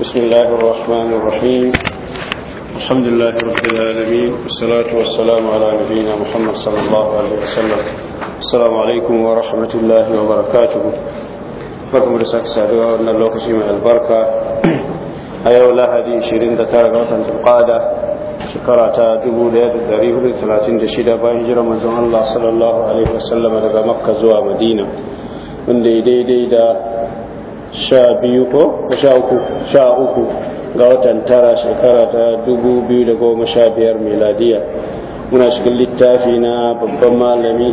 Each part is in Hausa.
بسم الله الرحمن الرحيم الحمد لله رب العالمين والصلاة والسلام على نبينا محمد صلى الله عليه وسلم السلام عليكم ورحمة الله وبركاته barkamu da sake saduwa wannan lokaci mai albarka a yau lahadi 29 ga watan tulqada shekara ta 1436 bayan jira manzon Allah sallallahu alaihi wasallama daga makka zuwa madina wanda ya daidai da sha biyu ko sha uku sha uku ga watan tara shekara ta dubu biyu da goma sha biyar miladiya muna shiga littafi na babban malami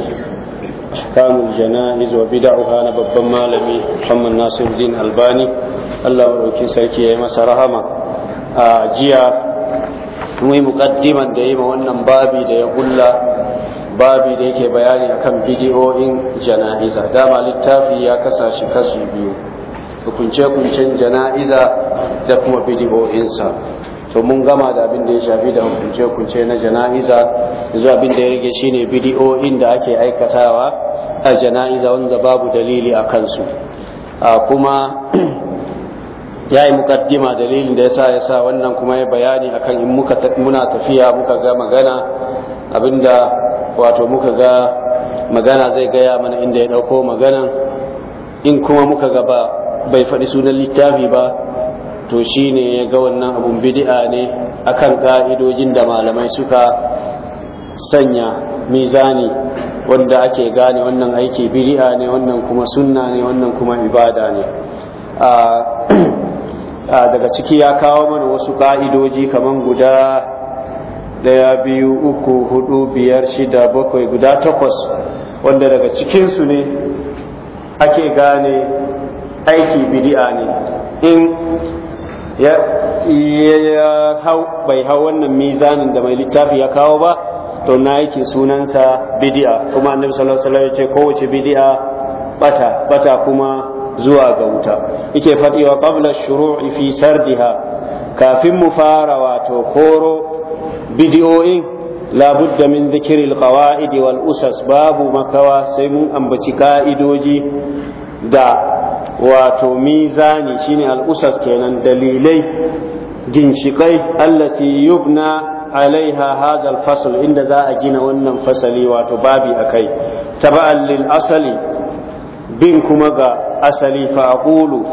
Kamun jana'iz wa bid'uha na babban malami Muhammad din Albani Allah madauki sarki ya yi masa rahama a jiya mun yi muqaddiman da yi ma wannan babi da ya gulla babi da yake bayani akan bidiyoyin jana'iza dama littafi ya kasa shi kasu biyu hukunce-hukuncen jana'iza da kuma bidiyoyinsa to mun gama da abin da ya shafi da hukunce-hukunce na jana'iza zuwa abin da ya rage shine bidiyoyin da ake aikatawa a jana'iza wanda babu dalili a kansu kuma ya yi mukaddima dalilin da ya sa ya sa wannan kuma ya bayani akan in muka muna tafiya muka ga magana abinda wato muka ga magana zai gaya mana inda ya ɗauko maganan in kuma muka ga bai faɗi sunan littafi ba to shine ya ga wannan abun bidi'a ne a kan ka'idojin da malamai suka sanya mizani wanda ake gane wannan aiki bidi'a ne wannan kuma sunna ne wannan kuma ibada ne daga ciki ya kawo mana wasu ka'idoji kamar guda ɗaya biyu uku hudu biyar shida bakwai guda takwas wanda daga cikinsu ne ake gane aiki bidi'a ne in ya hau bai hau wannan mizanin da mai littafi ya kawo ba to na yake sunansa bidi'a kuma annabi sallallahu alaihi wasallam ya ce kowace bidi'a bata bata kuma zuwa ga wuta yake fadi wa qabla shuru'i fi sardiha kafin mu fara wato koro la budda min dhikri alqawaid wal usas babu makawa sai mun ambaci ka'idoji da wato mizani shine al'usas kenan dalilai ginshiƙai allati yubna alaiha hadha al-fasl inda za a gina wannan fasali wato babi akai taba'an lil asali bin kuma ga asali fa aqulu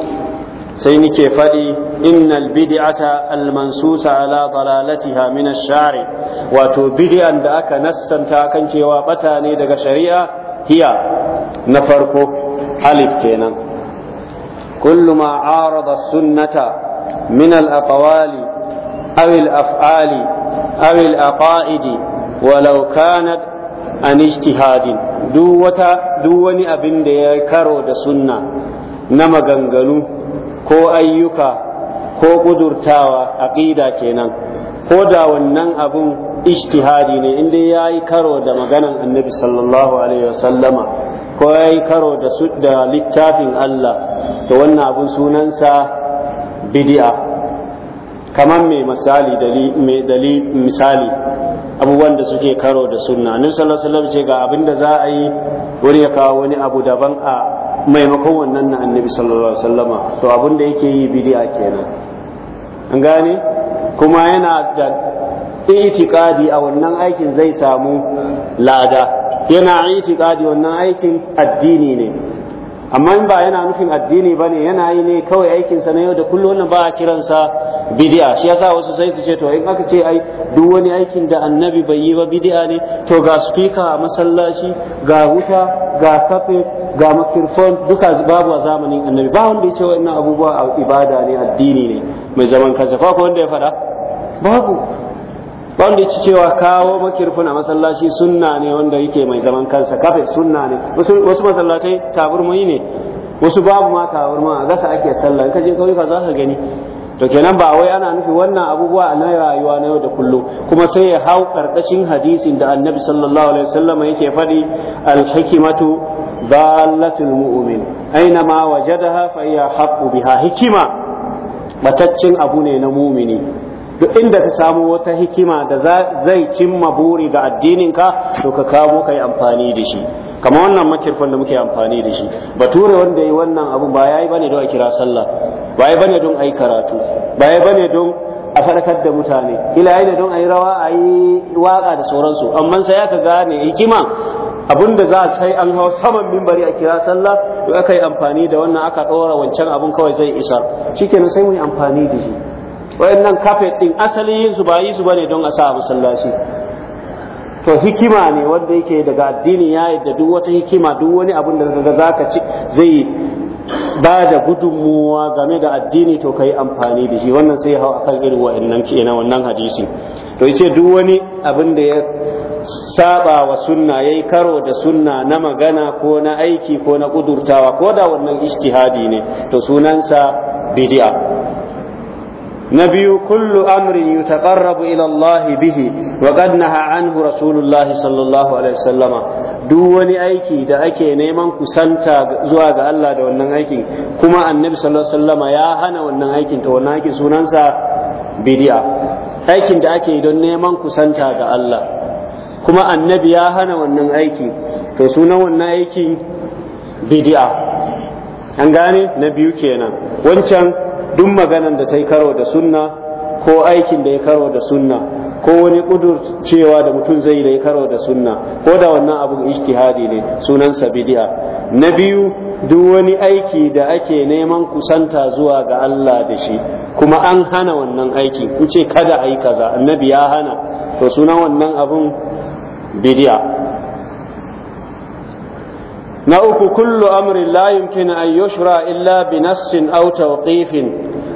sai nike faɗi innal bid'ata almansusa ala dalalatiha min ash-shari wato bid'an da aka nassanta kan cewa bata ne daga shari'a hiya na farko alif kenan كل ما عارض السنة من الأقوال أو الأفعال أو الأقائد ولو كانت عن اجتهاد دوة دون أبن دي كرو دا سنة نما غنغلو كو أيوكا كو قدرتاوى أقيدة كينا ko da wannan abun ijtihadi ne inda ya yi karo da maganan annabi sallallahu alaihi wasallama ko ya yi karo da littafin Allah to wannan abun sunansa bidi'a, kamar mai misali misali abubuwan da suke karo da sunna annabi sallallahu ce ga abin da za a yi wani ya kawo wani abu daban a maimakon wannan na annabi sallallahu alaihi wasallama to abin da yake yi bidi'a kenan an gane kuma yana da itikadi a wannan aikin zai samu lada yana itiqadi wannan aikin addini ne amma in ba yana nufin addini ba ne yana yi ne kawai aikinsa na yau da kullum wannan ba a kiransa bidi'a shi yasa wasu sai su ce to in aka ce ai duk wani aikin da annabi bai yi ba bidi'a ne to ga speaker a masallaci ga wuta ga kafe ga microphone duka babu a zamanin annabi ba wanda ya ce wa'annan abubuwa a ibada ne addini ne mai zaman kansa ko wanda ya faɗa babu wanda ci cewa kawo makirfin a masallaci sunna ne wanda yake mai zaman kansa kafe sunna ne wasu masallatai taburmai ne wasu babu ma taburma a gasa ake sallah gani to kenan ba wai ana nufi wannan abubuwa na rayuwa na yau da kullum kuma sai ya hau karkashin hadisin da annabi sallallahu alaihi wasallam yake faɗi alhikimatu dalatul mu'min aina ma wajadaha fa hiya haqqu biha hikima mataccin abu ne na mumini duk inda ka samu wata hikima da zai cimma buri ga addininka to ka kawo ka yi amfani da shi Kamar wannan makirfan da muke amfani da shi bature wanda yi wannan abun ba ya yi bane don a kira sallah ba ya bane don a yi karatu ba ya bane don a farkar da mutane ila yi don a yi rawa a yi waƙa da sauransu amma sai aka gane hikima abun da za a sai an hau saman mimbari a kira sallah to aka yi amfani da wannan aka ɗora wancan abun kawai zai isa shikenan sai mu yi amfani da shi wayannan kafet din asalin yin su ba yi su bane don a sa masallaci to hikima ne wanda yake daga addini ya yadda duk wata hikima duk wani abin da kaga zaka ci zai ba da gudunmuwa game da addini to kai amfani da shi wannan sai hau akan irin wa'annan kenan wannan hadisi to yace duk wani abin da ya saba wa sunna yayi karo da sunna na magana ko na aiki ko na kudurtawa ko da wannan ishtihadi ne to sunansa bid'a نبي كل أمر يتقرب إلى الله به وقد نهى عنه رسول الله صلى الله عليه وسلم دون أيكي دا أكي نيمان كسانتا زواغ الله دا ونن أيكي كما النبي صلى الله عليه وسلم يا هنا ونن أيكي تو ونن أيكي سنانسا بديا أيكي دا أكي دا نيمان كسانتا دا الله كما النبي يا هنا ونن أيكي تو سنن ونن أيكي بديا أنغاني نبيو كينا biyu duk maganan da ta yi karo da sunna ko aikin da ya karo da sunna ko wani kudur cewa da mutum zai da ya karo da sunna ko da wannan abun ijtihadi ne sunansa sabidiya na biyu duk wani aiki da ake neman kusanta zuwa ga Allah da shi kuma an hana wannan aiki in ce kada a yi kaza annabi ya hana to sunan wannan abun bidiya. na uku kullu amrin la yumkin an yushra illa bi nassin aw tawqifin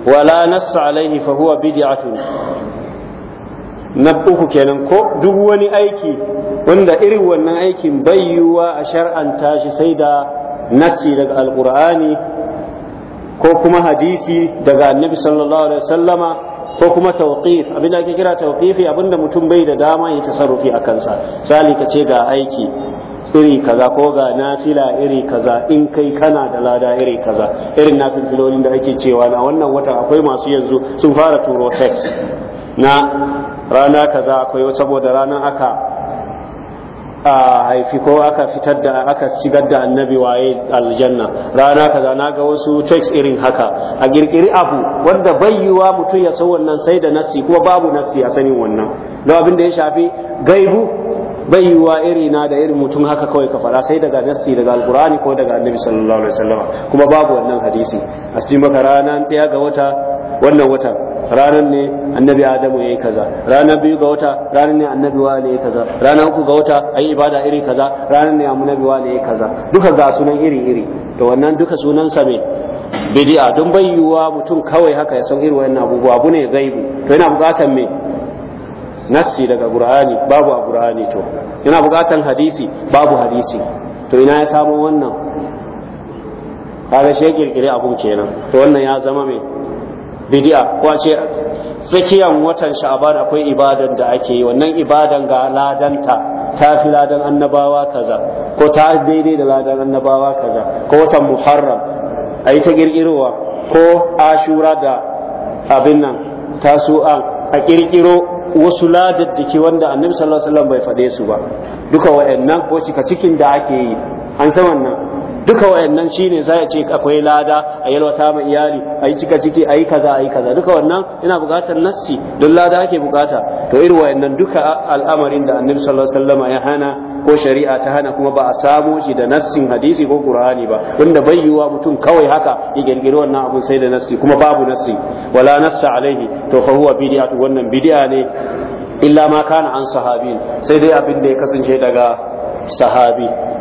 wa la nass alayhi fa huwa bid'atun na uku kenan ko duk wani aiki wanda irin wannan aikin bai yiwuwa a shar'anta shi sai da nassi daga alqur'ani ko kuma hadisi daga annabi sallallahu alaihi wasallama ko kuma tawqif abin da ake kira tawqifi abinda mutum bai da dama ya tasarrufi a kansa misali ka ce ga aiki iri kaza ko ga nafila iri kaza in kai kana da lada iri kaza irin na filolin da ake cewa na wannan watan akwai masu yanzu sun fara turo text na rana kaza akwai saboda ranar aka a haifi ko aka fitar da aka shigar da annabi waye aljanna rana kaza na ga wasu text irin haka a girkiri abu wanda bai bayyuwa mutum ya san wannan sai da nasi kuma babu nasi a sanin wannan don abin da ya shafi gaibu bai yiwuwa iri na da irin mutum haka kawai ka faɗa sai daga nassi daga alkurani ko daga annabi sallallahu alaihi wasallam kuma babu wannan hadisi a cikin maka ranar ɗaya ga wata wannan watan ranar ne annabi adamu ya yi kaza ranar biyu ga wata ranar ne annabi wa ne kaza ranar uku ga wata ayi ibada iri kaza ranar ne annabi wa ne kaza duka ga sunan iri iri to wannan duka sunan sa me bidi'a don bai yiwuwa mutum kawai haka ya san irin wannan abubuwa abu ne gaibu to yana bukatan me nassi daga qur'ani babu a qur'ani to yana bukatan hadisi babu hadisi to ina ya samo wannan kaga shi kirkire abun kenan to wannan ya zama mai bid'a ko a ce tsakiyan watan sha'ban akwai ibadan da ake yi wannan ibadan ga ladanta ta fi ladan annabawa kaza ko ta daidai da ladan annabawa kaza ko watan muharram a yi ta girgirowa ko ashura da abin nan tasu'an a kirkiro wasu ladaddaki wanda annabi sallallahu alaihi wasallam bai faɗe su ba duka wayannan ko cika cikin da ake yi an san wannan duka wayannan shine sai ce akwai lada a yalwata ma iyali a cika ciki a kaza a kaza duka wannan ina buƙatar nassi don lada ake bukata to irin wayannan duka al'amarin da annabi sallallahu alaihi wasallam ya hana ko shari'a ta hana kuma ba a samo shi da nassin hadisi ko qur'ani ba wanda bai yiwa mutum kawai haka ya girgiri wannan abun sai da nassi kuma babu nassi wala nassa alaihi to fa huwa bid'atu wannan bid'a ne illa ma kana an sahabi sai dai abin da ya kasance daga sahabi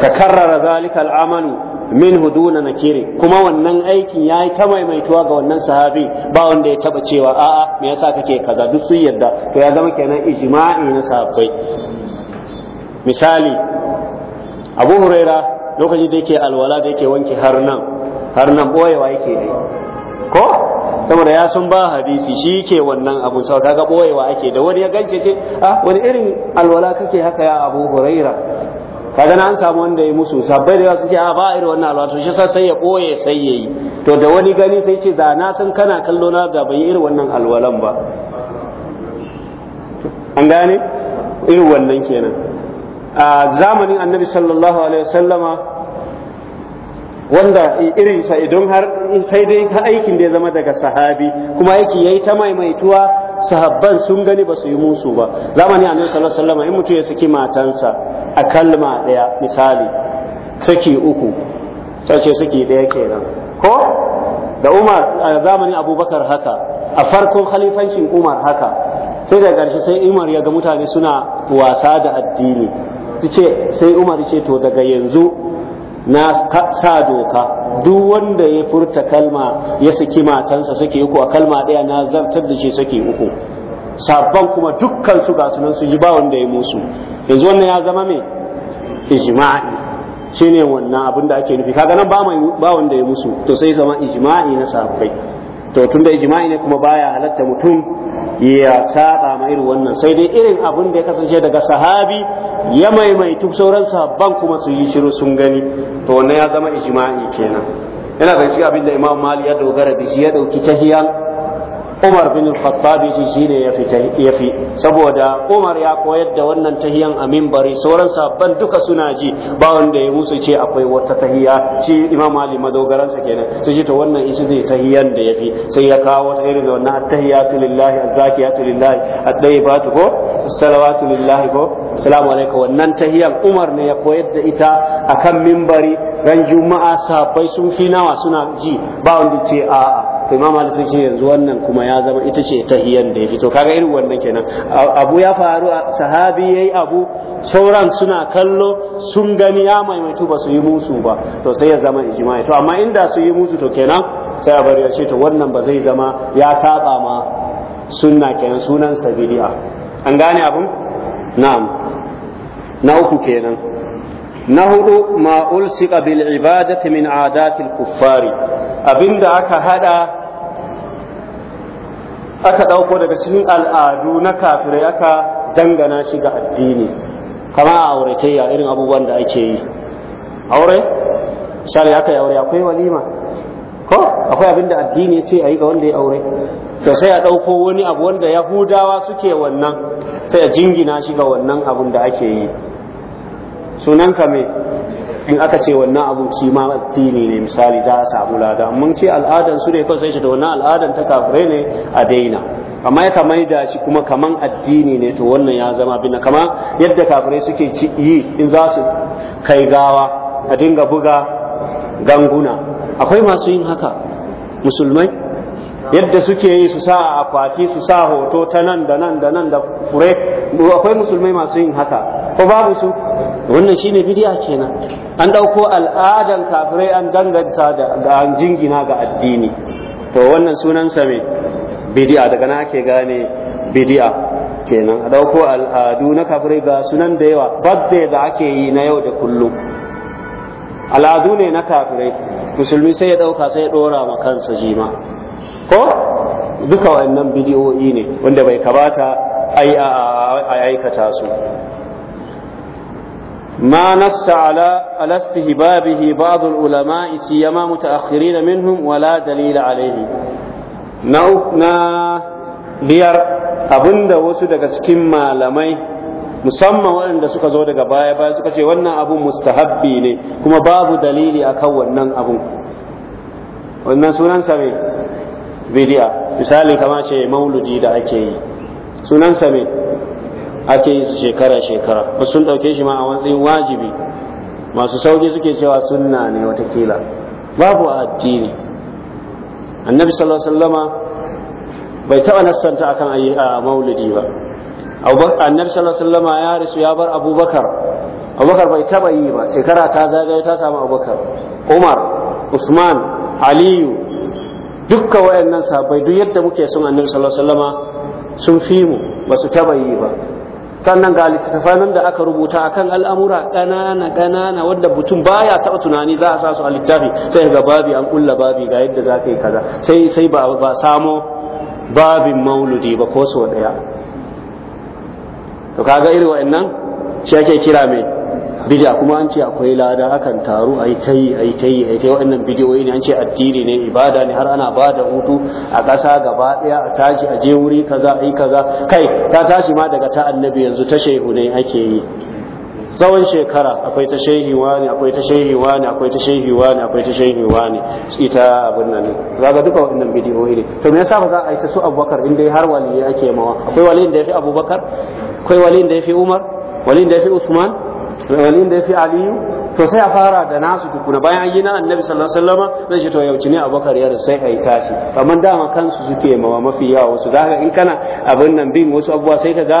takarrara zalika al'amalu minhu duna nakiri kuma wannan aikin yayi ta maimaituwa ga wannan sahabi ba wanda ya taba cewa a'a me yasa kake kaza duk sun yarda to ya zama kenan ijma'i na sahabbai misali Abu Huraira lokacin da yake alwala da yake wanke har nan har nan boyewa yake dai ko saboda ya sun ba hadisi shi ke wannan abun sau kaga boyewa ake da wani ya gance ce ah wani irin alwala kake haka ya Abu Huraira kaga na an samu wanda ya musu sabbai da su ce ah, a ba irin wannan alwala to shi sa sai ya koye sai yayi to da wani gani sai ce da na san kana kallo na da ban irin wannan alwalan ba an gane irin wannan kenan a zamanin annabi sallallahu alaihi wasallama wanda irinsa idan har sai dai ta aikin da ya zama daga sahabi kuma aiki yayi ta maimaituwa sahabban sun gani ba su yi musu ba zamani annabi sallallahu alaihi wasallam in mutum ya saki matansa a kalma daya misali saki uku sace saki daya kenan ko da Umar a Abubakar haka a farkon khalifancin Umar haka sai da ƙarshe sai Umar ya ga mutane suna wasa da addini ce sai Umar ce to daga yanzu na sa doka duk wanda ya furta kalma ya saki matansa suke uku a kalma ɗaya na zartar da shi suke uku sabban kuma dukkan su ga sunan su ji ba wanda ya musu yanzu wannan ya zama me ijma'i shine wannan abin da ake nufi kaga nan ba wanda ya musu to sai zama ijma'i na sabbai to tun da ijma'i ne kuma baya halatta mutum ya saba ma irin wannan sai dai irin abin da ya kasance daga sahabi ya maimaitu sauran sahabban kuma su yi shiru sun gani to wannan ya zama ijma'i kenan yana ga shi abin da imam mali ya dogara da shi ya dauki tahiyan Umar bin al-khattabi shi shine ya fita fi saboda Umar ya koyar da wannan tahiyan a minbari sauran sabban duka suna ji ba wanda ya musu ce akwai wata tahiya shi Imam Ali madogaransa kenan sai shi to wannan isi zai tahiyan da yafi sai ya kawo wata irin da wannan tahiyatu lillahi az-zakiyatu lillahi at-tayyibatu ko salawatu lillahi ko assalamu alaikum wannan tahiyan Umar ne ya koyar da ita akan minbari ran juma'a sabai sun fi nawa suna ji ba wanda ce a'a to imam malik sun ce yanzu wannan kuma ya zama ita ce tahiyan da ya fito kaga irin wannan kenan abu ya faru sahabi yayi abu sauran suna kallo sun gani ya maimaitu ba su yi musu ba to sai ya zama ijma'i to amma inda su yi musu to kenan sai a bari ya ce to wannan ba zai zama ya saba ma sunna kenan sunan sabidi'a an gane abun na'am na uku kenan na hudu ma ulsika bil ibadati min adatil kuffari abinda aka hada aka ɗauko daga cikin al'adu na kafirai aka dangana shi ga addini kama a auratayya irin abubuwan da ake yi aure misali aka yi aure akwai walima ko akwai abin da addini ya ce a yi ga wanda ya aure to sai a ɗauko wani abu wanda yahudawa suke wannan sai a jingina shi ga wannan abun da ake yi sunansa mai in aka ce wannan abu shi ma addini ne misali za a samu lada mun ce al'adan su ne kawai sai shi da wannan al'adan ta kafirai ne a daina amma ya kamar da shi kuma kaman addini ne to wannan ya zama bin kama yadda kafirai suke yi in za su kai gawa a dinga buga ganguna akwai masu yin haka musulmai yadda suke yi su sa akwati su sa hoto ta nan da nan da nan da fure akwai musulmai masu yin haka ko babu su wannan shine bidiya kenan an dauko al'adan kafirai an danganta da an jingina ga addini to wannan sunan sa me bidiya daga na ake gane bidiya kenan a dauko al'adu na kafirai ga sunan da yawa badde da ake yi na yau da kullum al'adu ne na kafirai musulmi sai ya dauka sai ya dora ma kansa jima ko duka wa'annan bidiyoyi ne wanda bai kamata ai a aikata su ما نص على hibabu استهبابه بعض العلماء سيما متأخرين منهم wala دليل عليه na biyar abinda wasu daga cikin malamai musamman waɗanda suka zo daga baya baya suka ce wannan abu mustahabbi ne kuma babu dalili akan wannan abun wannan sunan sa bidiya misali kama ce mauludi da ake yi sunansa me ake yi shekara shekara ba sun ɗauke shi ma a matsayin wajibi masu sauki suke cewa sunna ne watakila babu a addini annabi sallallahu alaihi wasallama bai taɓa nassanta akan a mauludi ba annabi sallallahu alaihi wasallama ya rasu ya bar abubakar abubakar bai taɓa yi ba shekara ta zagaye ta samu abubakar umar usman aliyu dukka wayannan sahabbai duk yadda muke son annabi sallallahu alaihi wasallama sun fi mu ba su taba yi ba sannan ga littattafan da aka rubuta akan al'amura ƙanana ƙanana wanda mutum baya taba tunani za a sa su a littafi sai ga babi an kulla babi ga yadda za ka yi kaza sai sai ba ba samo babin mauludi ba ko so ɗaya to kaga irin wayannan shi ake kira mai bid'a kuma an ce akwai lada akan taru ai ta yi ai ta yi ai ta yi waɗannan bidiyoyi ne an ce addini ne ibada ne har ana ba da hutu a ƙasa gaba daya a tashi a je wuri kaza ai kaza kai ta tashi ma daga ta annabi yanzu ta shehu ne ake yi tsawon shekara akwai ta shehi wani akwai ta shehi wani akwai ta shehi wani akwai ta shehi wani ita abin nan zaga duka waɗannan bidiyoyi ne to me yasa ba za a yi ta su abubakar in dai har waliyi ake mawa akwai waliyin da ya fi abubakar akwai waliyin da ya fi umar waliyin da ya fi usman walin da ya fi aliyu to sai a fara da nasu tukuna bayan an yi na annabi sallallahu alaihi wasallam zai ce to yauci ne abubakar ya sai a yi tashi amma dama kansu suke mawa mafi yawa wasu zaka in kana abin nan bin wasu abubuwa sai ka ga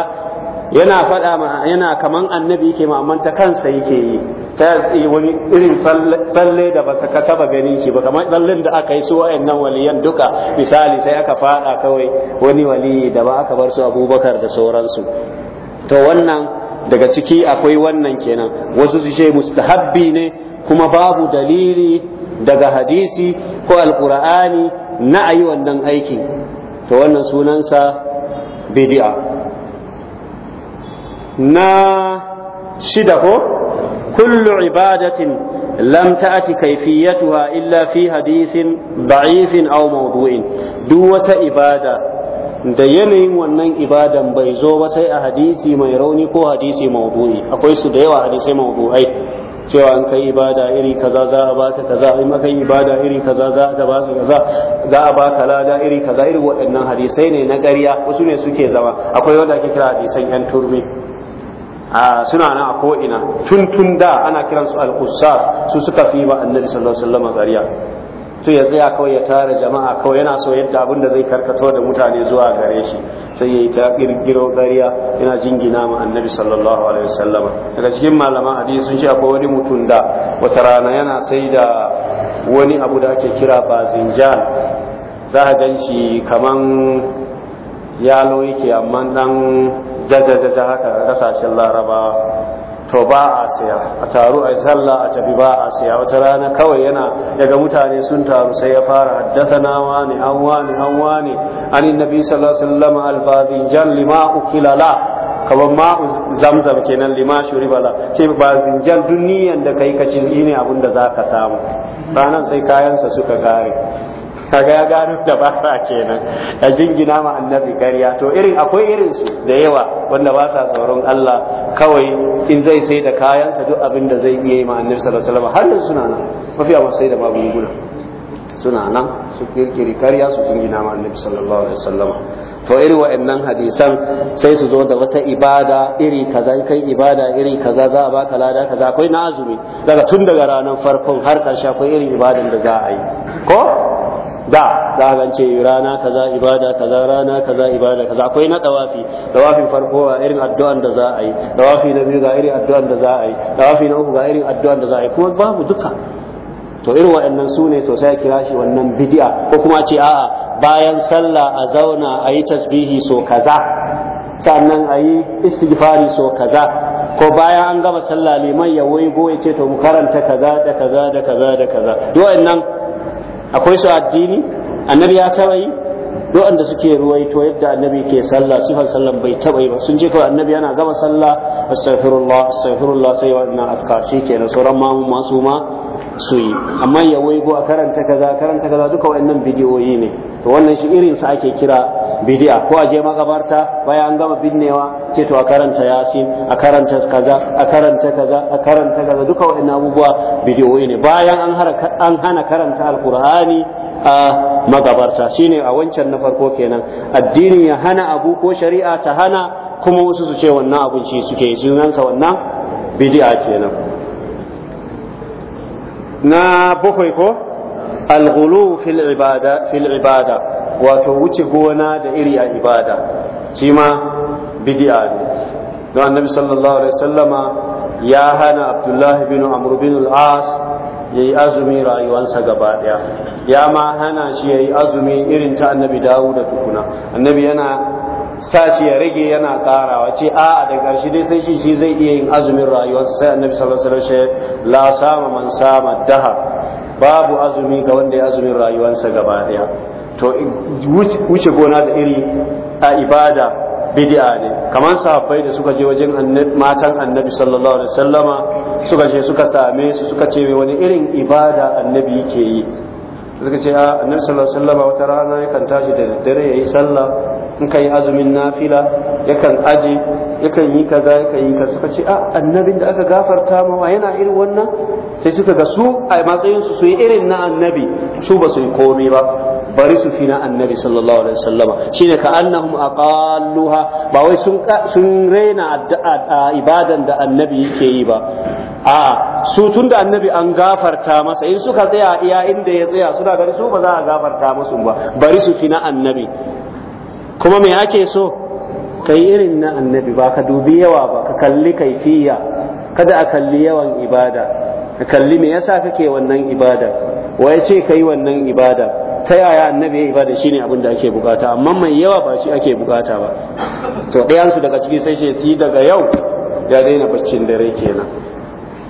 yana faɗa ma yana kaman annabi yake ma amma ta kansa yake yi ta yi wani irin tsalle da ba ka taba ganin shi ba kamar tsallen da aka yi su wa'annan waliyan duka misali sai aka faɗa kawai wani wali da ba aka bar su abubakar da sauransu to wannan daga ciki akwai wannan kenan wasu su ce mustahabbi ne kuma babu dalili daga hadisi ko alkur'ani na yi wannan aikin to wannan sunansa bidi'a. na shida ko كل عبادة لم تأت illa fi hadisin da'ifin ضعيف أو Duk wata ibada. da yanayin wannan ibadan bai zo ba sai a hadisi mai rauni ko hadisi maudu'i akwai su da yawa hadisai maudu'ai cewa an kai ibada iri kaza za a baka kaza in yi ibada iri kaza za a ba su kaza za a baka lada iri kaza irin waɗannan hadisai ne na ƙarya wasu ne suke zama akwai wanda ake kira hadisan yan turmi a suna nan a ko'ina tun tun da ana kiransu al-qussas su suka fi ba annabi sallallahu alaihi wasallam ƙarya to ya tsaya kawai ya tara jama'a kawai yana so yadda abun da zai karkato da mutane zuwa gare shi sai ya yi ta ƙirƙiro gariya yana jingina ma annabi sallallahu alaihi wasallam daga cikin malaman hadisi sun ce akwai wani mutum da wata rana yana sai da wani abu da ake kira bazinjan za a gan shi kaman yalo yake amma dan jajajaja haka ƙasashen larabawa to ba a siya a taru a sallah a tafi ba a siya wata rana kawai yana daga mutane sun taru sai ya fara haddasa na wani an wani an wani an nabi sallallahu alaihi wasallam al lima ukilala ma zamzam kenan lima shuriba la ce zinjan duniyan da kai ka ne abin da ka samu ranar sai kayansa suka kare kaga ya gano dabara kenan ya jingina ma annabi kariya to irin akwai irin su da yawa wanda ba sa tsoron Allah kawai in zai sai da kayansa duk abin da zai iya yi ma annabi sallallahu alaihi wasallam har suna nan mafi yawan sai da magunguna suna nan su kirkiri kariya su jingina ma annabi sallallahu alaihi wasallam to iri wa'annan hadisan sai su zo da wata ibada iri kaza kai ibada iri kaza za a baka lada kaza akwai na azumi daga tun daga ranar farkon har karshe akwai irin ibadan da za a yi ko da za a ce rana kaza ibada kaza rana kaza ibada kaza akwai na dawafi dawafin farko ga irin addu'an da za a yi dawafi na biyu ga irin addu'an da za a yi dawafi na uku ga irin addu'an da za a yi kuma babu duka to irin waɗannan su ne to sai kira shi wannan bid'a ko kuma ce a'a bayan sallah a zauna a yi tasbihi so kaza sannan a yi istighfari so kaza ko bayan an gama sallah liman ya waigo ya ce to mu karanta kaza da kaza da kaza da kaza duk nan akwai su addini annabi ya taba yi waɗanda suke ruwaito yadda annabi ke sallah sifar sallan bai taba yi ba sun je kawai annabi yana gama sallah astaghfirullah astaghfirullah sai wannan ke shikenan sauran ma masu ma su yi amma ya waigo a karanta kaza karanta kaza duka waɗannan bidiyoyi ne to wannan shi irin sa ake kira bidi'a ko aje je makabarta bayan an gama binnewa ce to a karanta yasin a karanta kaza a karanta kaza a karanta kaza duka ina abubuwa bidi'oi ne bayan an an hana karanta alqur'ani a makabarta shine a wancan na farko kenan addini ya hana abu ko shari'a ta hana kuma wasu su ce wannan abun shi suke sunansa wannan bidi'a kenan na bakwai ko alghulu fil ibada fil ibada wato wuce gona da iri a ibada shi ma bid'a ne don annabi sallallahu alaihi wasallama ya hana abdullahi bin amr bin al-as yayi azumi rayuwansa gaba daya ya ma hana shi yayi azumi irin ta annabi dawud da tukuna annabi yana sa shi ya rage yana karawa ce a da ƙarshe dai sai shi shi zai iya yin azumin rayuwarsa sai annabi sallallahu alaihi wasallam la sama man sama daha babu azumi ga wanda ya azumin rayuwarsa gaba daya to wuce gona da iri a ibada bid'a ne kamar sahabbai da suka je wajen matan annabi sallallahu alaihi wasallama suka je suka same su suka ce wani irin ibada annabi yake yi suka ce a ah, annabi sallallahu alaihi wasallama wata rana yakan tashi da daddare ya yi sallah in ka yi azumin nafila yakan aje yakan yi kaza yakan yi kaza suka ce a ah, annabin da aka gafarta mawa yana irin wannan sai suka ga su a matsayin su yi irin na annabi su ba su yi komai ba bari su fi na annabi sallallahu alaihi wasallama shine ka annahum aqalluha ba wai sun sun raina ibadan da annabi yake yi ba a su tun da annabi an gafarta masa in suka tsaya iya inda ya tsaya suna gani su ba za a gafarta musu ba bari su fi na annabi kuma me ake so ka yi irin na annabi ba ka dubi yawa ba ka kalli kaifiya kada a kalli yawan ibada ka kalli me yasa kake wannan ibada wa ya ce ka wannan ibada ta yaya annabi ya ibada shine abin da ake bukata amma mai yawa ba shi ake bukata ba to ɗayansu daga ciki sai ce ti daga yau ya daina baccin dare kenan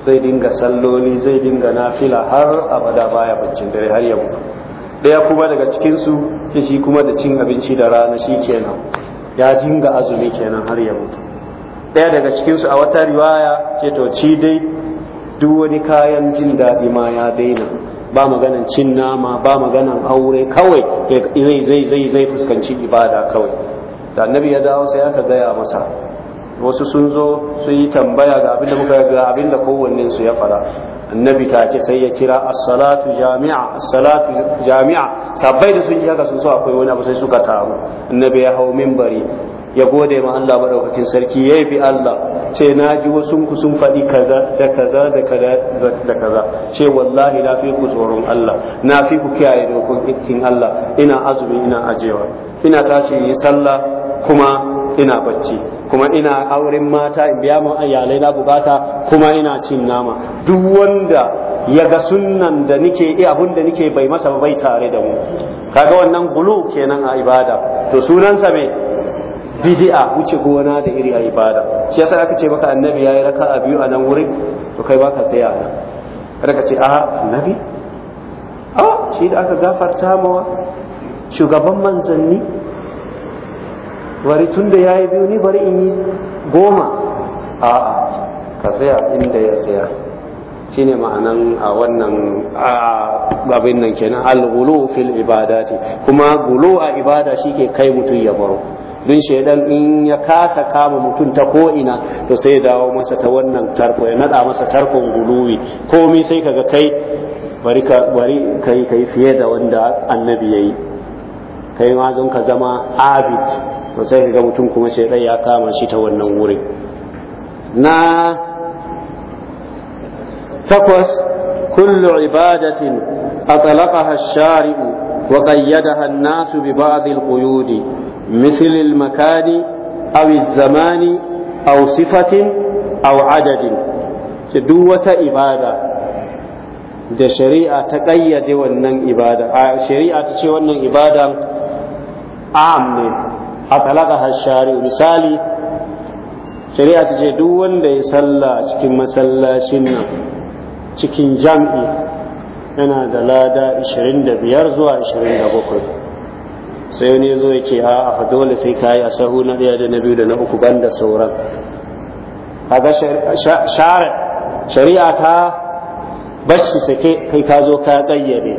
zai dinga salloli zai dinga nafila har abada baya baccin dare har yau ɗaya kuma daga cikinsu ya shi kuma da cin abinci da rana shi kenan ya jinga azumi kenan har ya mutu ɗaya daga cikinsu a wata riwaya ce to ci dai duk wani kayan jin daɗi ma ya daina ba maganan cin nama ba maganan aure kawai zai zai zai zai fuskanci ibada kawai da annabi ya dawo sai aka gaya masa wasu sun zo sun yi tambaya ga abinda muka ga abinda kowanne su ya fara annabi take sai ya kira as-salatu jami'a as-salatu jami'a sabbai da sun ji haka sun so akwai wani abu sai suka taru annabi ya hau minbari ya gode ma Allah madaukakin sarki ya bi Allah ce na ji wasu ku sun faɗi kaza da kaza da kaza da kaza ce wallahi na fi ku tsoron Allah na fi ku kiyaye dokokin Allah ina azumi ina ajewa ina tashi yi sallah kuma ina bacci kuma ina auren mata in biya mun iyalai na bukata kuma ina cin nama duk wanda ya ga sunnan da nike i eh, abun da nike bai masa bai tare da mu kaga wannan gulu kenan a ibada to sunansa me bid'a wuce gona da iri a ibada shi yasa aka ce maka annabi yayi raka'a biyu a nan wurin to kai baka tsaya nan kada ka ce a annabi a shi da aka gafarta mawa shugaban manzanni bari tun da ya yi biyu ni bari in yi goma a ka tsaya inda ya tsaya shi ne ma'anan a wannan abin nan kenan al-gulu fil ce, kuma gulu a ibada shi ke kai mutum ya baro don shaidan in ya kasa kama mutum ta ko'ina to sai dawo masa ta wannan tarko ya nada masa tarkon guluwi komi sai kaga kai bari ka bari fiye da wanda annabi yayi kai ma zon ka zama abid to sai mutum kuma shaidan ya kama shi ta wannan wuri na takwas kullu ibadatin atalaqaha ash-shari'u wa qayyadaha an-nasu bi ba'd al-quyud مثل المكان أو الزمان wata صفة da shari'a ta ƙayyade wannan ibada shari'a ta ce wannan ibadan am atalaqaha shari misali shari'a ta ce duk wanda ya salla cikin masallacin nan cikin jam'i yana da lada 25 zuwa 27 sai wani zo ya ce a fa dole sai ka yi a sahu na daya da na biyu da na uku banda sauran kaga share shari'a ta bashi sake kai ka zo ka kayyade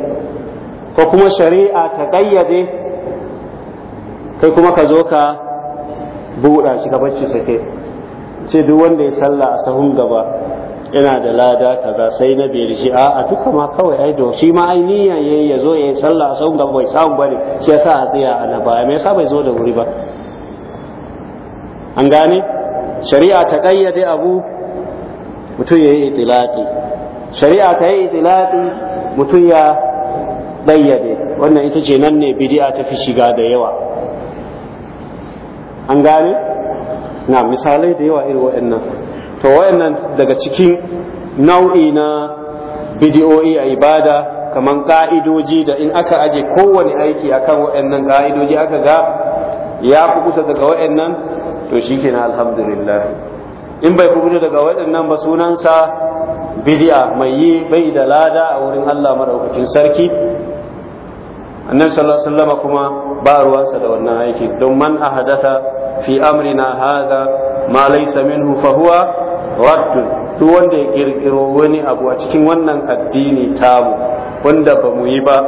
ko kuma shari'a ta kayyade kai kuma ka zo ka buɗa shi ka bacci sake ce duk wanda ya sallah a sahun gaba yana da lada kaza sai na biyar shi a a duka ma kawai ai do shi ma ai niyya yayi ya zo sallah a sahun gaba bai samu bane shi sa a tsaya a na baya me yasa bai zo da wuri ba an gane shari'a ta kayyade abu mutum yayi itilati shari'a ta yi itilati mutum ya bayyade wannan ita ce nan ne bidi'a ta fi shiga da yawa an gane na misalai da yawa irin wa'annan to wa'annan daga cikin nau'i na bidiyoyi a ibada kamar ka'idoji da in aka aje kowane aiki akan wa'annan ka'idoji aka ga ya fi kusa daga wa'annan to shi kenan alhamdulillah in bai fi kusa daga wa'annan ba sunansa bidi'a mai yi bai da lada a wurin Allah madaukakin sarki annan sallallahu alaihi kuma ba ruwansa da wannan aiki don man ahadatha fi amrina hadha ma laysa minhu fa huwa raddun duk wanda ya kirkiro wani abu a cikin wannan addini tamu wanda ba mu yi ba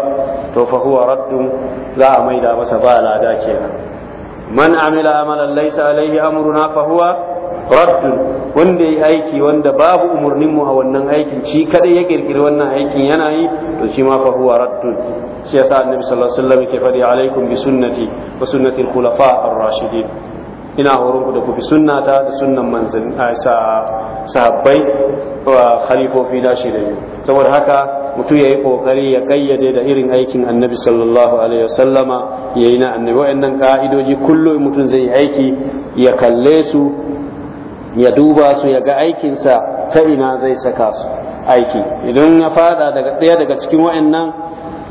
to fa huwa raddun za a maida masa ba lada kenan man amila amalan laysa alaihi amruna fa huwa raddun wanda ya aiki wanda babu umarnin mu a wannan aikin shi kadai ya kirkiri wannan aikin yana yi to shi ma fa huwa raddun shi yasa annabi sallallahu alaihi ke fadi alaikum bi sunnati wa sunnati al-khulafa ar ina horon ku da ku bi sunnata da sunnan manzan sahabbai wa khalifofi da shi da yi saboda haka mutum ya yi kokari ya kayyade da irin aikin annabi sallallahu alaihi wasallama ya yi na annabi wa'annan ka'idoji kullum mutum zai yi aiki ya kalle su ya duba su ya ga aikinsa ta ina zai saka su aiki idan ya fada daga ɗaya daga cikin wa'annan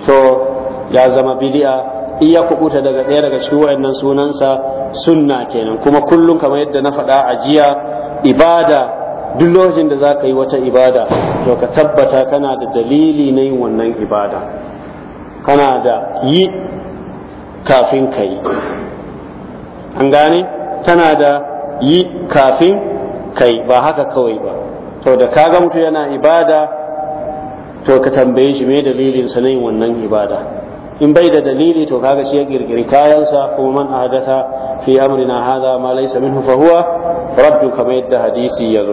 to ya zama bidi'a iya kukuta daga ɗaya daga cikin wa'annan sunansa sunna kenan kuma kullum kamar yadda na faɗa a jiya ibada duk lokacin da za ka yi wata ibada to ka tabbata kana da dalili na yin wannan ibada kana da yi kafin ka yi an gane tana da yi kafin kai ba haka kawai ba to da kaga mutu yana ibada to ka tambaye shi me dalilin sa yin wannan ibada in bai da dalili to kaga shi ya girgiri kayansa kuma man ahdatha fi amrina hadha ma laysa minhu fa huwa raddu kamar yadda hadisi ya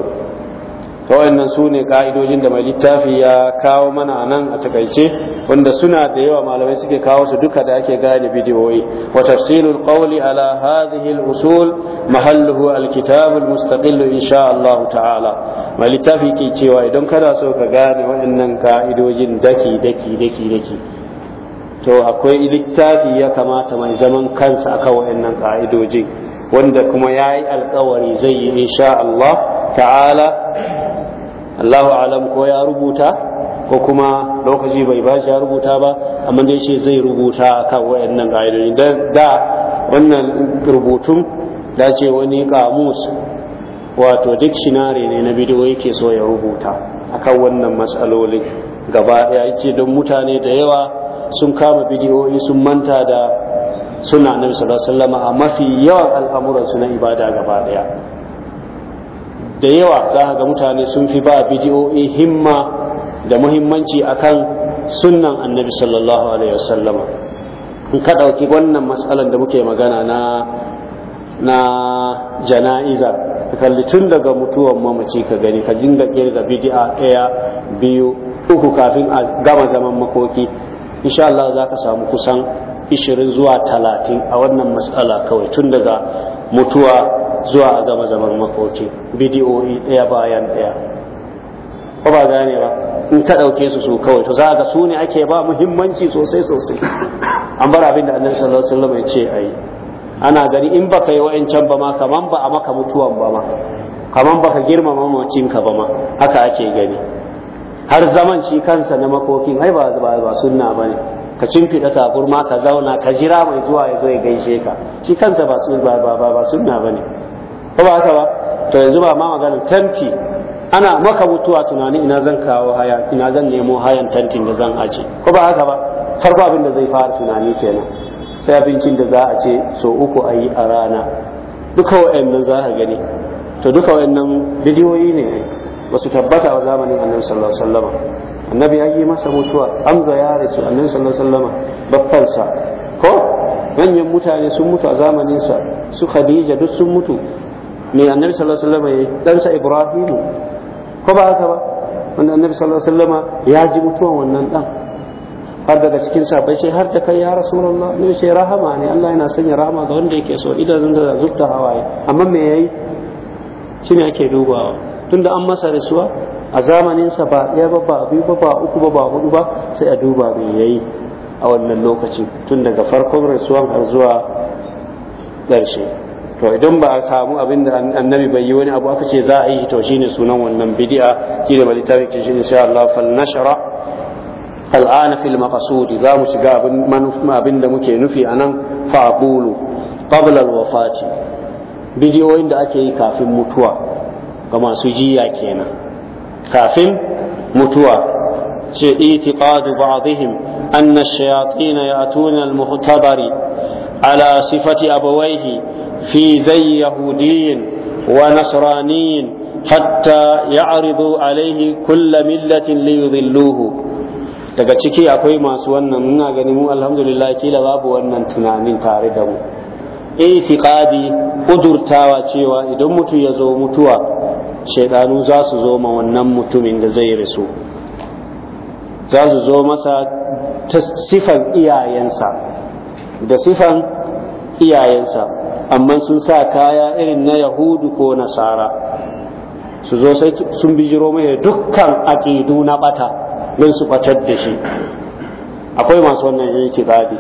ta sune su ne ka'idojin da mai littafi ya kawo mana nan a takaice wanda suna da yawa malamai suke kawo su duka da ake gane bidiyoyi wa tafsilul qawli ala hadhihi al-usul mahalluhu al-kitab al-mustaqil insha Allah ta'ala mai littafi ke cewa idan kana so ka gane wayannan ka'idojin daki daki daki daki to akwai littafi ya kamata mai zaman kansa akan wayannan ka'idojin wanda kuma ya yi alkawari zai yi insha Allah ta'ala Allahu alam ko ya rubuta ko kuma lokaci bai ba ya rubuta ba amma dai ce zai rubuta kan wayannan ƙa'idoji dan da wannan rubutun da ce wani kamus wato dictionary ne na bidiyo yake so ya rubuta akan wannan matsalolin gaba ɗaya ce don mutane da yawa sun kama bidiyoyi sun manta da suna nan sallallahu alaihi a mafi yawan al'amuransu na ibada gaba ɗaya da yawa za ga mutane sun fi ba bidiyoyi himma da muhimmanci akan sunnan annabi sallallahu alaihi wasallama in ka ɗauki wannan matsalan da muke magana na na jana'iza ka kalli tun daga mutuwan mamaci ka gani ka dinga da bidi'a ɗaya biyu uku kafin a gama zaman makoki insha Allah za ka samu kusan 20 zuwa 30 a wannan matsala kawai tun daga mutuwa zuwa a gama zaman makoki bidiyo ɗaya bayan ɗaya ko ba gane ba in ka ɗauke su su kawai to za ga su ne ake ba muhimmanci sosai sosai an bar abin da annabi sallallahu alaihi wasallam ce ce yi. ana gani in baka yi wa'ancan ba ma kaman ba a maka mutuwan ba ma kaman baka girmama ka ba ma haka ake gani har zaman shi kansa na makokin ai ba ba ba sunna bane ka cimfiɗa taburma ka zauna ka jira mai zuwa ya zo ya gaishe ka shi kansa ba ba ba sunna bane ko ba haka ba to yanzu ba ma magana tanti ana maka mutuwa tunani ina zan kawo haya ina zan nemo hayan tantin da zan aje ko ba haka ba farko abin da zai fara tunani kenan sai abincin da za a ce so uku a yi a rana duka wa'annan za ka gani to duka wa'annan bidiyoyi ne ba su tabbata a zamanin annabi sallallahu alaihi wasallam annabi ya yi masa mutuwa amza ya rasu annabi sallallahu alaihi wasallam baffansa ko manyan mutane sun mutu a zamaninsa su khadija duk sun mutu mai annabi sallallahu alaihi wasallam ya dansa ibrahimu ko ba haka ba wanda annabi sallallahu alaihi wasallam ya ji mutuwan wannan dan har daga cikin bai sai har da kai ya rasulullah ne sai rahama ne Allah yana sanya rahama ga wanda yake so idan da zubta hawaye amma me yayi shine ake dubawa tunda an masa rasuwa a zamanin sa ba ya ba ba biyu ba ba uku ba ba hudu ba sai a duba me yayi a wannan lokacin tun daga farkon rasuwan har zuwa ƙarshe to idan ba a samu abin da annabi bai yi wani abu aka ce za a yi to shine sunan wannan bid'a shi da littafin ke shi insha Allah fal nashra al'ana fil maqsudi za mu shiga abin da muke nufi anan fa aqulu qabla al wafati bidiyoyin da ake yi kafin mutuwa ga masu jiya kenan kafin mutuwa ce itiqadu ba'dihim anna ash-shayatin ya'tuna al-muhtabari ala sifati abawayhi في زي يهودي ونصراني حتى يعرضوا عليه كل ملة ليضلوه daga ciki akwai masu wannan muna gani mu alhamdulillah kila babu wannan tunanin tare da mu itiqadi kudurtawa cewa idan mutu ya zo mutuwa shaidanu za su zo ma wannan mutumin da zai rasu za su zo masa ta sifan iyayensa da sifan iyayensa amma sun sa kaya irin na yahudu ko nasara su zo sai sun bijiro mai dukkan aƙidu na bata don su batar da shi akwai masu wannan itikadi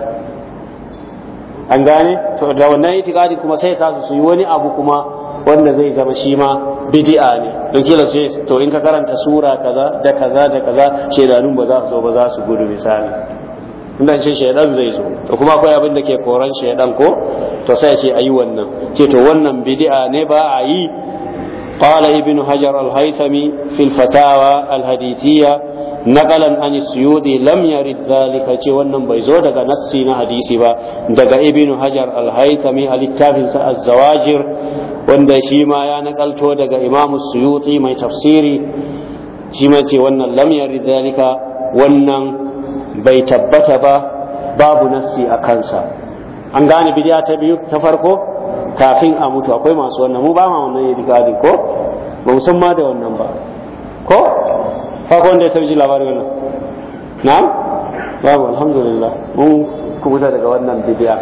an gane to da wannan itikadi kuma sai sa su yi wani abu kuma wanda zai zama shi ma bidi'a ne don kila su to in ka karanta sura kaza da kaza da kaza shedanun ba za su zo ba za su gudu misali inda ce shedan zai zo to kuma akwai abin da ke koran shedan ko Tos sai sai a yi wannan, ce to wannan bidi'a ne ba a yi? Ƙwalo Ibinu Hajar Al-Haitami, Filfatawa Al-Haditiyya, Naƙalan Anis Yudi, Lamya Ridalika, ce wannan bai zo daga nasti na hadisi ba. Daga Ibinu Hajar Al-Haitami a littafinsa As-Zawajir, wanda shi ma ya naƙalto daga imamu U mai tafsiri. Ci mai ce wannan Lamya Ridalika, wannan bai tabbata ba, babu nassi a kansa. an gane bidiya ta biyu ta farko kafin a mutu akwai masu wannan mu ba ma wannan dikadin ko ba mu san ma da wannan ba ko farko wanda ya tafi labarin wannan na babu alhamdulillah mun kubuta daga wannan bidiya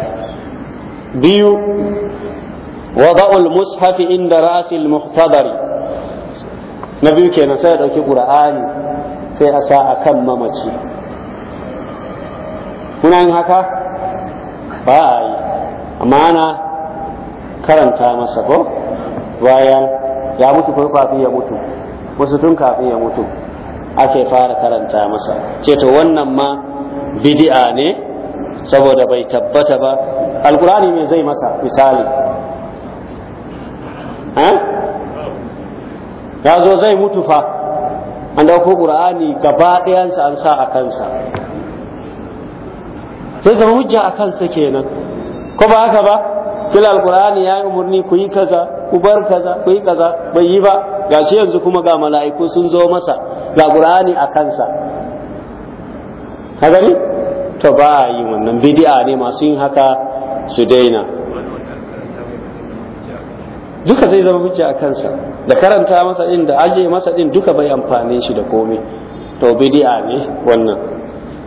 biyu wada'ul mushafi inda rasil muhtadari na biyu kenan sai ya dauki qur'ani sai a sa akan mamaci kuna yin haka ba a yi amma karanta masa ko bayan ya mutu ko kafin ya mutu wasu tun kafin ya mutu ake fara karanta masa ce to wannan ma bidi'a ne saboda bai tabbata ba alkurani me zai masa misali ya zo zai mutu fa an dauko qur'ani gaba ɗayansa an sa a kansa zai zama hujja a kansa kenan ko ba haka ba fil alqur'ani ya umurni ku yi kaza ku bar kaza ku yi kaza bai yi ba gashi yanzu kuma ga mala'iku sun zo masa ga qur'ani a kansa ka gani to ba yi wannan bid'a ne masu yin haka su daina duka zai zama hujja a kansa da karanta masa din da aje masa din duka bai amfane shi da komai to bid'a ne wannan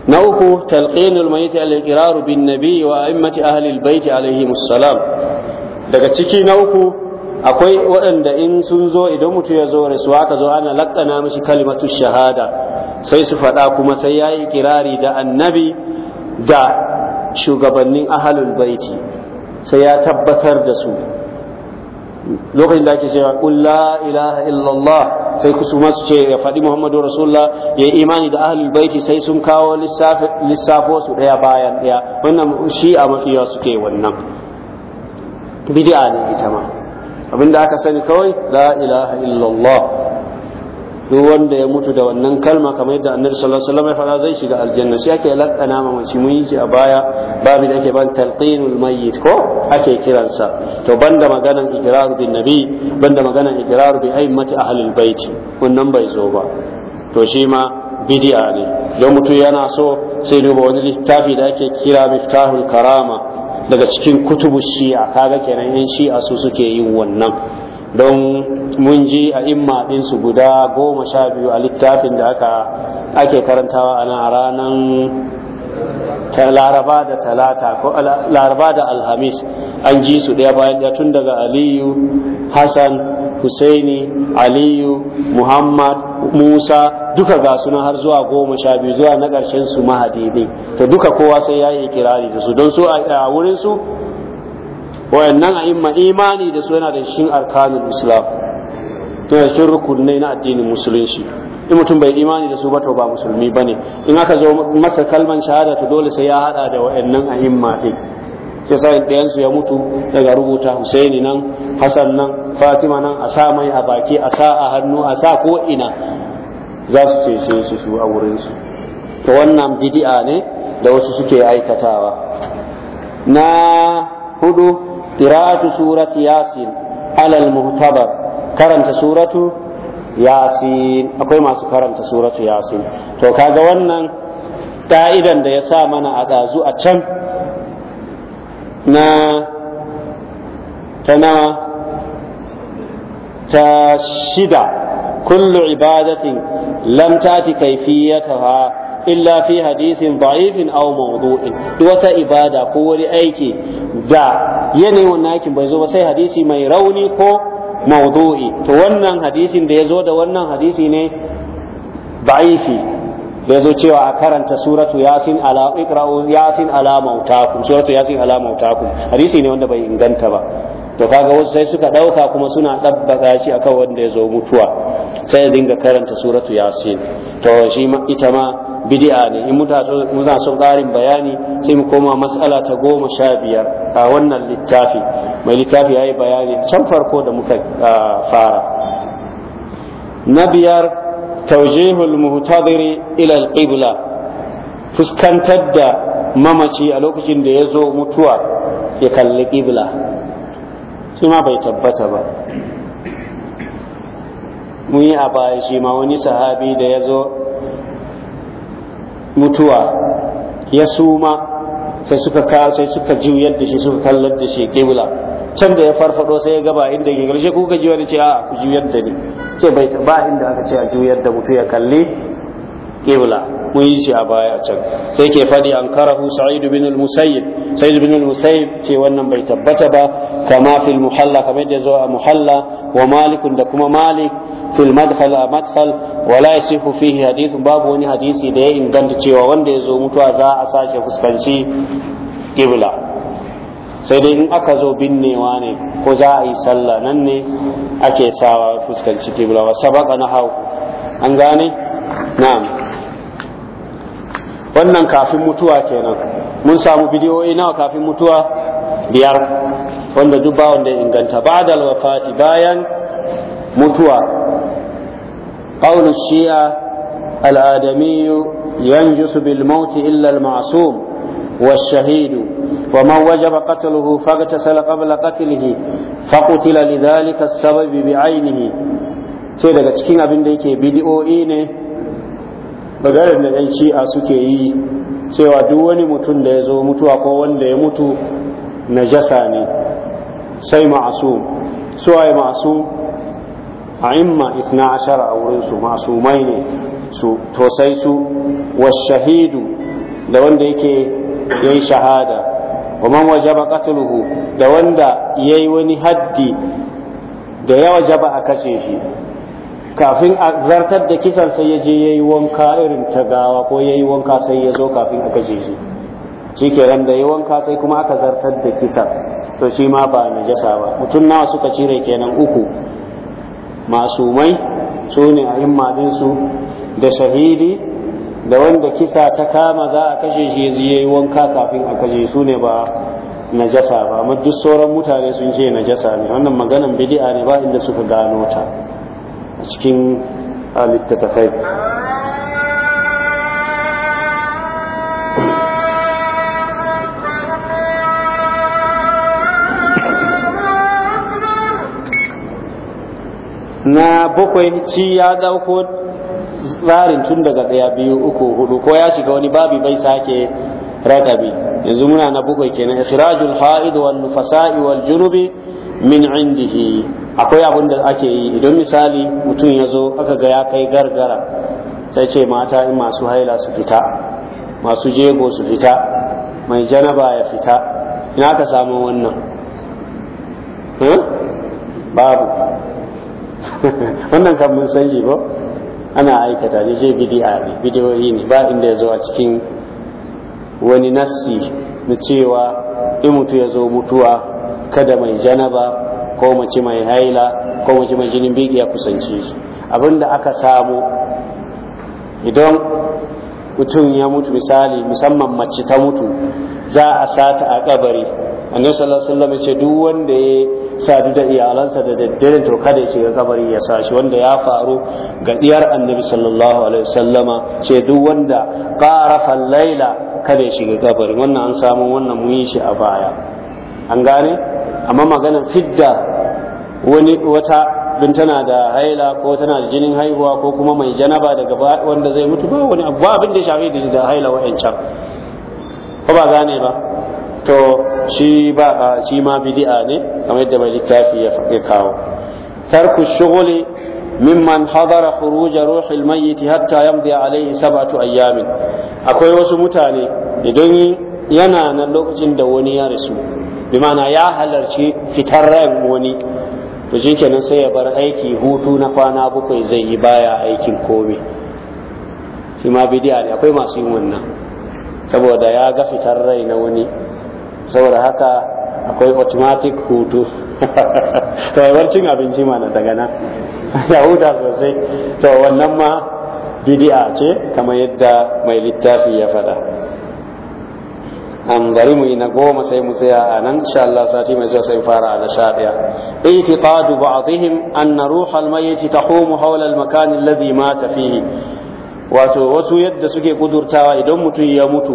na uku talqinul mayyit al-iqrar bin nabi wa a'immati ahli al-bait alayhi salam daga ciki na uku akwai waɗanda in sun zo idan mutum ya zo rasuwa ka zo ana laƙana mishi kalimatu shahada sai su faɗa kuma sai ya yi kirari da annabi da shugabannin ahalul baiti sai ya tabbatar da su lokacin da ake cewa qul la ilaha illallah sai ku su ce ya faɗi muhammadu rasulullah ya imani da ahlul baiti sai sun kawo lissafo su ɗaya bayan ɗaya wannan shi a mafi yawa suke wannan bid'a ne ita ma abinda aka sani kawai la ilaha illallah duk wanda ya mutu da wannan kalma kamar yadda annabi sallallahu alaihi wasallam ya fara zai shiga aljanna shi ake lakana ma mace mun yi a baya babu da ake ban talqinul mayyit ko ake kiransa to banda maganan iqrar bin nabi banda maganan iqrar bi a'immati ahlul bait wannan bai zo ba to shi ma bid'a ne don mutu yana so sai duba wani littafi da ake kira miftahul karama daga cikin kutubu shi'a kaga kenan yan shi'a su suke yin wannan don mun ji a imma su guda goma sha biyu a littafin da aka ake karantawa a ranar laraba da talata ko laraba da alhamis an ji su ɗaya bayan ɗaya tun daga aliyu hassan husaini aliyu muhammad musa duka ga suna har zuwa goma sha biyu zuwa na ƙarshen su mahadi ne to duka kowa sai ya yi kirari da su don su a wurin su wayannan a'imma imani da su yana da shin arkanul islam tana cikin rukunai na addinin musulunci in mutum bai imani da su ba to ba musulmi ba ne in aka zo masa kalman shahada to dole sai ya hada da wayannan a'imma din sai sai ɗayan su ya mutu daga rubuta Husaini nan Hassan nan Fatima nan a sa mai a baki a sa a hannu a sa ko ina za su ce shi su a wurin su to wannan bid'a ne da wasu suke aikatawa na hudu قراءة سورة ياسين على المعتبر كرمت سورة ياسين أقول ما كرمت سورة ياسين تو كاغا ونن ka'idan da ya sa mana a ɗazu a can na ta nawa ta shida kullu ibadatin lam tati illa fi hadisin da'ifin aw mawdu'in duk wata ibada ko wani aiki da yanayin wannan aikin bai zo ba sai hadisi mai rauni ko mawdu'i to wannan hadisin da ya zo da wannan hadisi ne da'ifi da zo cewa a karanta suratu yasin ala iqra'u yasin suratu yasin ala mautakum hadisi ne wanda bai inganta ba to kaga wasu sai suka ɗauka kuma suna ɗabbaka shi akan wanda ya zo mutuwa sai dinga karanta suratu yasin to shi ita ma bidi'a ne in muna son ƙarin bayani sai mu koma mas'ala ta goma sha biyar a wannan littafi mai littafi ya yi bayani can farko da muka fara na biyar taujihul muhtadiri ila alqibla fuskantar da mamaci a lokacin da ya zo mutuwa ya kalli qibla shi ma bai tabbata ba mun yi a baya shi ma wani sahabi da ya zo mutuwa ya suma sai suka kawo sai suka juyar da shi suka kallar da shi kebula can da ya farfado sai ya gaba inda ya garshe kuka ji wani ce a ku juyar da ni ce bai ba inda aka ce a juyar da mutu ya kalli kibla mun yi shi a baya a can sai ke fadi an karahu sa'id bin al-musayyib sa'id bin al-musayyib ce wannan bai tabbata ba kama fil muhalla kamar da zo muhalla wa malik da kuma malik fil madkhal a madkhal wa la yasihu fihi hadith babu wani hadisi da ya inganta cewa wanda ya zo mutuwa za a sace fuskanci qibla sai dai in aka zo binnewa ne ko za a yi sallah nan ne ake sawa fuskanci kibla wa sabaka na hau an gane na'am wannan kafin mutuwa kenan mun samu bidiyoyi nawa kafin mutuwa biyar wanda duk ba wanda inganta ba'dal wafati bayan mutuwa Aulu shi'a Al'adamiyu adamiyyu yanjusu bil mauti illa al-ma'sum والشهيد ومن وجب قتله فاغتسل قبل قتله فقتل لذلك السبب بعينه sai daga cikin abin da yake bidiyo'i ne maganar da ɗan shi'a suke yi cewa duk wani mutum da ya zo mutuwa ko wanda ya mutu na jasa ne sai ma'asum suwaye masu a imma itna ashara a wurinsu mai ne su to sai su shahidu da wanda yake yi shahada wa man ba da wanda ya yi wani haddi da ya wajaba a kashe shi kafin a zartar da kisan sai ya je ya yi wanka irin ta gawa ko ya yi wanka sai ya zo kafin aka je shi ran da ya wanka sai kuma aka zartar da kisan to shi ma ba na jasa ba mutum nawa suka cire kenan uku masumai su ne a himma su da shahidi da wanda kisa ta kama za a kashe shi ya yi wanka kafin a kashe su ne ba najasa ba amma duk sauran mutane sun ce najasa ne wannan maganan bidi'a ne ba inda suka gano ta cikin ah, littattafai na bakwai ci ya dauko tsarin tun daga daya biyu uku hudu ko ya shiga wani babi bai sake rakabi yanzu muna na bakwai kenan ikhrajul ha'id wal nufasa'i wal junubi min indihi akwai abin da ake yi idan misali mutum ya zo aka ga ya kai gargara sai ce mata in masu haila su fita masu jego su fita mai janaba ya fita ina aka samu wannan babu wannan kan mun san shi ba ana aikata ne zai bidi'a ne bidiyoyi ne ba inda ya zo a cikin wani nassi na cewa in mutu ya zo mutuwa kada mai janaba ko mace mai haila ko mace mai jinin biki ya kusance shi abinda aka samu idan mutum ya mutu misali musamman mace ta mutu za a sata a kabari annabi sallallahu alaihi wasallam ce duk wanda ya sadu da iyalansa da daddare to kada ya shiga kabari ya sa shi, wanda ya faru ga diyar annabi sallallahu alaihi wasallama ce duk wanda qarafa laila kada ya shiga kabari wannan an samu wannan mun yi shi a baya an gane amma maganar fidda wani wata don tana da haila ko tana da jinin haihuwa ko kuma mai janaba daga wanda zai mutu ba wani abu abin da shafi da haila wa'ancan ko ba gane ba to shi ba shi ma bidi'a ne kamar yadda mai littafi ya kawo tarku shughuli mimman hadara khuruja ruhil mayyit hatta yamdi alayhi sab'atu ayyamin akwai wasu mutane idan yana nan lokacin da wani ya rasu bi ma'ana ya halarci fitar ran wani to kenan sai ya bar aiki hutu na kwana bakwai zai yi baya aikin komai shi ma bidiya ne akwai masu yin wannan saboda ya ga fitar rai na wani saboda haka akwai automatic hutu rayuwar cin abinci mana daga nan ya huta sosai to wannan ma bidiya ce kamar yadda mai littafi ya faɗa an bari mu yi na goma sai mu tsaya a nan insha Allah sati mai zuwa sai fara a na sha ɗaya i'tiqadu ba'dihim anna ruhal mayyit tahumu hawla al-makan alladhi mata fihi wato wasu yadda suke kudurtawa idan mutum ya mutu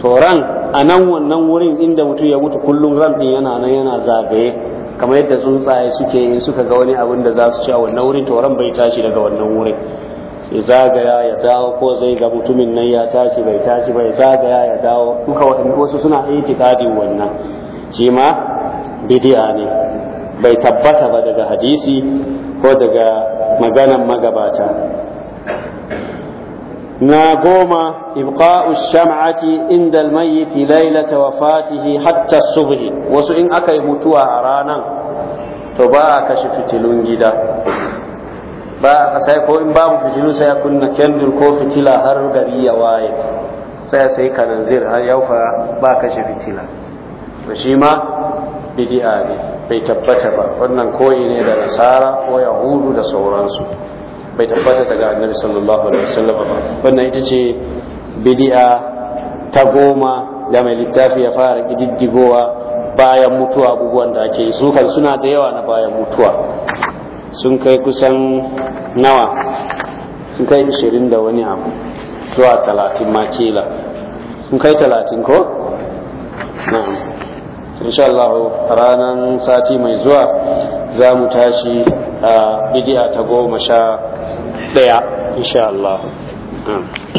to ran a nan wannan wurin inda mutum ya mutu kullum ran din yana nan yana zagaye kamar yadda tsuntsaye suke in suka ga wani abin da za su ci a wannan wurin to ran bai tashi daga wannan wurin sai zagaya ya dawo ko zai ga mutumin nan ya tashi bai tashi bai zagaya ya dawo duka waɗanda wasu suna itikadin wannan shi ma bidi'a ne bai tabbata ba daga hadisi ko daga maganan magabata na goma ibqa'u shama'ati inda almayyit lailata wafatihi hatta subhi wasu in aka yi mutuwa a ranan to ba a kashe fitilun gida ba a sai ko in babu fitilu sai ya kunna kendul ko fitila har gari ya waye sai ya sai kananzir har yaufa ba kashe fitila to shi ma bid'a ne bai tabbata ba wannan koyi ne da nasara ko yahudu da sauransu bai tabbata daga annabi sallallahu alaihi wasallam ba wannan ita ce bid'a ta goma da mai littafi ya fara kididdigowa bayan mutuwa abubuwan da ake yi su kan suna da yawa na bayan mutuwa sun kai kusan nawa sun kai ishirin da wani abu zuwa talatin makila sun kai talatin ko? na'am insha Allah ranar sati mai zuwa za mu tashi a bidi'a ta goma sha ɗaya insha Allah